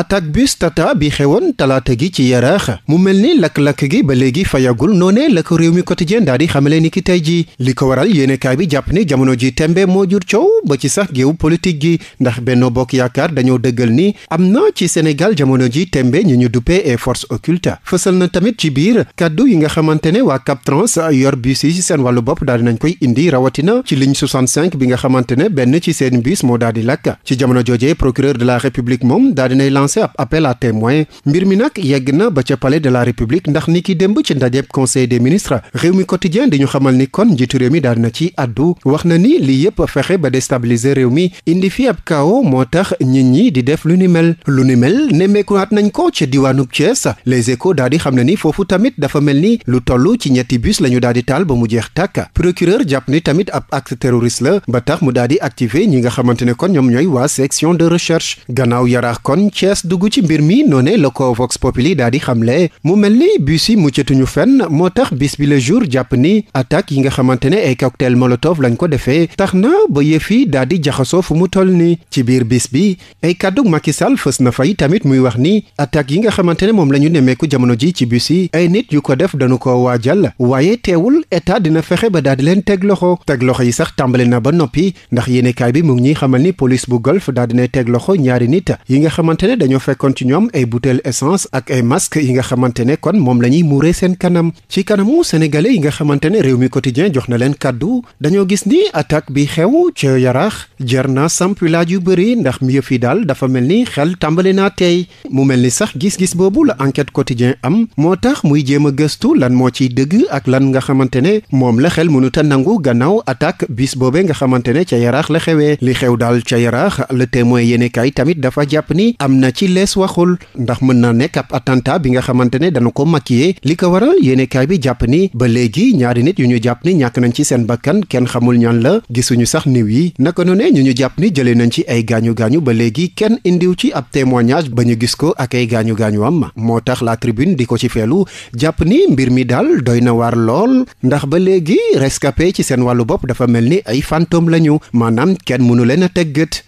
attaque bus tata bi xewoon talaata gi ci yaraax mu mel ni lakk-lakk gi ba léegi fayagul noonee la ko réew mi quotidien daal di xamale ni ki tey ji li ko waral yéenekaay bi jàpp ni jamono ji tembe moo jur coow ba ci sax géew politique gi ndax Benno Bokk Yaakaar dañoo dëggal ni am na ci Sénégal jamono ji tembe ñu ñu duppee e force occulte fësal na tamit ci biir kàddu yi nga xamante ne waa Cap Trans yor bus yi ci seen wàllu bopp daal di nañ koy indi rawatina ci ligne 65 bi nga xamante ne benn ci seen bus moo daal di lakk ci jamono joojee procureur de la république moom daal di lancé ab appel mbir mi nag yegg na ba ca palais de la république ndax ni ki démb ci ndajeeb conseil des ministres réew mi quotidien di ñu xamal ni kon njiitu réew mi daal na ci addu wax na ni li yëpp fexe ba déstabiliser réew mi indi fi ab kaw moo tax nit ñi di def lu ni mel lu ni mel nemmeekunaat nañ ko ca diwaanub Thiès les échos daal di xam ne ni foofu tamit dafa mel ni lu toll ci ñetti bus la ñu daal di taal ba mu jeex tàkk procureur jàpp ni tamit ab acte terroriste la ba tax mu daal di activé ñi nga xamante ne kon ñoom ñooy waa section de recherche gannaaw yaraax bees dugg ci mbir mi noonee la ko Vox Populi daal di xamle mu mel ni bus yi muccatuñu fenn moo tax bis bi le jour jàpp ni attaque yi nga xamante ne ay cocktail molotov lañ ko defee tax na ba yëf yi daal di jaxasoo fu mu toll ni ci biir biis bi ay kàddu Macky Sall fës na fay tamit muy wax ni attaque yi nga xamante ne moom la ñu nemmeeku jamono ji ci bus yi ay nit yu ko def danu ko waajal waaye teewul état dina fexe ba daal di leen teg loxo teg loxo yi sax tàmbale na ba noppi ndax yenekaay bi mu ngi xamal ni police bu golf daal dina teg loxo ñaari dañoo fekkoon ci ñoom ay butéel essence ak ay masque yi nga xamante ne kon moom la ñuy muuree seen kanam ci kanamu sénégalais yi nga xamante ne réew mi quotidien jox na leen kàddu dañoo gis ni attaque bi xew ca yaraax jar na samp laaj yu bëri ndax mi yëf daal dafa mel ni xel tàmbali naa tey mu mel ni sax gis-gis boobu la enquête quotidien am moo tax muy jéem a gëstu lan moo ciy dëgg ak lan nga xamante ne moom la xel mënut a nangu gannaaw attaque bis boobee nga xamante ne ca yaraax la xewee li xew daal ca yaraax le témoin yéene na ci lees waxul ndax mën naa nekk ab attentat bi nga xamante ne dana ko maquiller li ko waral yéenekaay bi jàpp ni ba léegi ñaari nit yu ñu jàpp ni ñàkk nañ ci seen bakkan kenn xamul ñan la gisuñu sax niw yi naka noone ñu ñu jàpp ni jëlee nañ ci ay gaañu-gaañu ba léegi kenn indiw ci ab témoignage ba ñu gis ko ak ay gaañu-gaañu ma moo tax la tribune di ko ci feelu jàpp ni mbir mi daal doy na waar lool ndax ba léegi rescapé ci seen wàllu bopp dafa mel ni ay fantôme lañu maanaam kenn mënu a teggët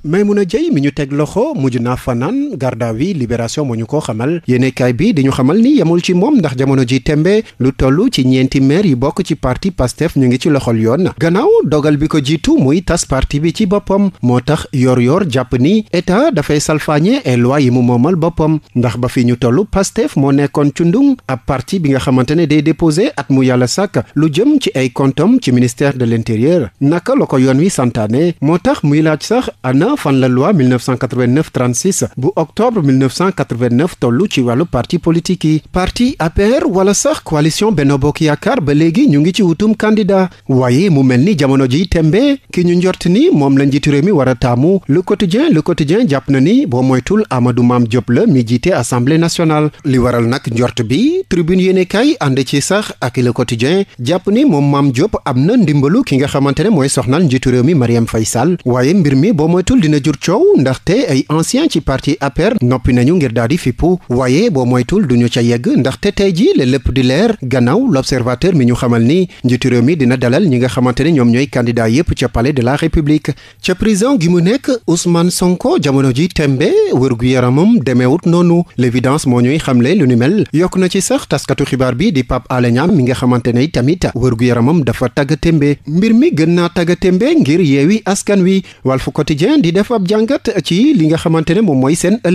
garde à vue libération moo ñu ko xamal yéenekaay bi di ñu xamal ni yemul ci moom ndax jamono ji tembe lu toll ci ñeenti maire yi bokk ci parti pastef ñu ngi ci loxol yoon gannaaw dogal bi ko jiitu muy tas parti bi ci boppam moo tax yor yor jàpp ni état dafay salfaañe ay loi yi mu moomal boppam ndax ba fi ñu toll pastef moo nekkoon cundung ab parti bi nga xamante ne day déposé at mu yàlla sàkk lu jëm ci ay comptom ci ministère de l'intérieur naka la ko yoon wi santaane moo tax muy laaj sax ana fan la loi 1989 36 bu octobre 1989 toll ci wàllu parti politique yi parti APR wala sax coalition Benno Bokk Yaakaar ba léegi ñu ngi ci wutum candidat waaye mu mel ni jamono ji tembe ki ñu njort ni moom la njiitu réew mi war a taamu le quotidien le quotidien jàpp na ni boo moytul Amadou Mame Diop la mi jiite assemblée nationale li waral nag njort bi tribune yéenekaay ànd ci sax ak le quotidien jàpp ni moom Mame Diop am na ndimbalu ki nga xamante ne mooy soxnaal njiitu réew mi Marième Faye Sall waaye mbir mi boo moytul dina jur coow ndaxte ay ancien ci parti APR leader noppi nañu ngir daal di fippu waaye boo moytul duñu ca yegg ndaxte tey ji la lépp di leer gannaaw l'observateur mi ñu xamal ni njiitu réew mi dina dalal ñi nga xamante ne ñoom ñooy candidat yépp ca palais de la république ca prison gi mu nekk Ousmane Sonko jamono ji tembe wér-gu-yaramam demeewut noonu l'évidence moo ñuy xamle lu ni mel yokk na ci sax taskatu xibaar bi di Pape Alé mi nga xamante ne tamit wér-gu-yaramam dafa tagga témbe mbir mi gën naa tagga témbe ngir yeewi askan wi Walf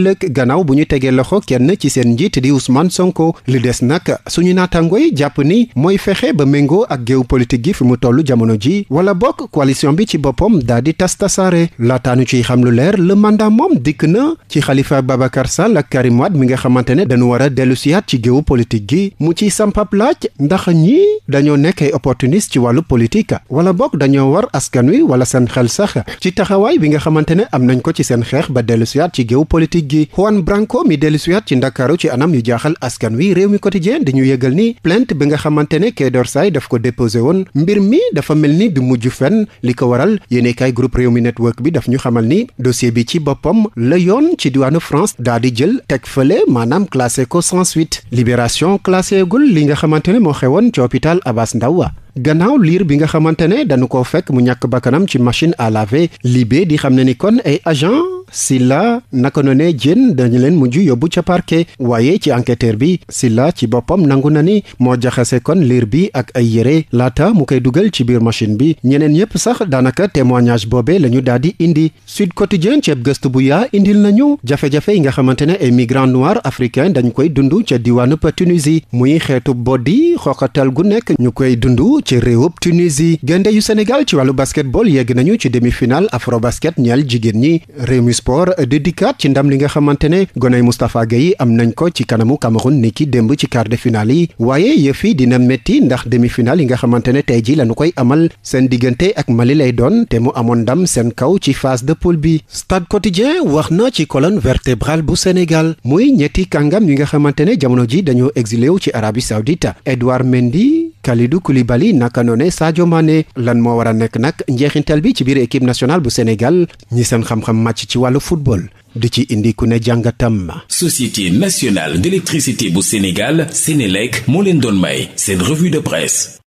ëllëg gannaaw bu ñu tegee loxo kenn ci seen njiit di Ousmane Sonko li des nag suñu naataango yi jàpp ni mooy fexe ba méngoo ak géew politique gi fi mu toll jamono ji wala bokk coalition bi ci boppam daa di tas tasaare laataanu ciy xam lu leer le mandat moom dikk na ci Khalifa Babacar Sall ak Karim Wade mi nga xamante ne dañu war a dellusiyaat ci géew politique gi mu ci sampab laaj ndax ñii dañoo nekk ay opportuniste ci wàllu politique wala bokk dañoo war askan wi wala seen xel sax ci taxawaay bi nga xamante ne am nañ ko ci seen xeex ba dellusiyaat ci géew ji Juan Branco mi dellu siwaat ci ndakaaru ci anam yu jaaxal askan wi réew mi quotidien di ñu yëgal ni plainte bi nga xamante ne Quai say daf ko déposé woon mbir mi dafa mel ni du mujj fenn li ko waral yéenekaay groupe réew mi network bi daf ñu xamal ni dossier bi ci boppam la yoon ci diwaanu France daa di jël teg fële maanaam classé ko sans suite libération classé li nga xamante ne moo xewoon ci hôpital Abass Ndao gannaaw liir bi nga xamante ne dañu ko fekk mu ñàkk bakkanam ci machine à laver Libé di xam ne ni kon ay agent Silla naka noonee Diène dañu leen mujj yóbbu ca parke waaye ci enquêteur bi Silla ci boppam nangu na ni moo jaxase kon liir bi ak ay yëre laata mu koy dugal ci biir machine bi ñeneen yépp sax daanaka témoignage boobe la ñu daal di indi Sud Quotidien ceeb gëstu bu yaa indil nañu jafe-jafe yi nga xamante ne ay migrants noirs africains dañ koy dund ca diwaanu Tunisie muy xeetu boddi xoqatal gu nekk ñu koy dund ci réewub Tunisie gaynde yu Sénégal ci wàllu basketball yegg nañu ci demi-finale Afrobasket ñeel jigéen ñi sport euh, de dikkaat ci ndam li nga xamante ne goney Moustapha Gueye am nañ ko ci kanamu Cameroun ni ki démb ci quart de finale yi waaye yëf yi dina métti ndax demi-finale yi nga xamante ne tey ji lañu koy amal seen diggante ak Mali lay doon te mu amoon ndam seen kaw ci phase de pole bi Stade Quotidien wax na ci colonne vertébrale bu Sénégal muy ñetti kàngam yi nga xamante ne jamono ji dañoo exilé wu ci Arabie Saoudite Edouard Mendy Kalidou Koulibaly naka noone Sadio Mané lan moo war a nekk nag njeexintal bi ci biir équipe nationale bu Sénégal ñi seen xam-xam màcc ci wàllu football di ci indi ku ne jàngatam. Société nationale d'électricité bu Sénégal Sénélec moo leen doon may seen revue de presse.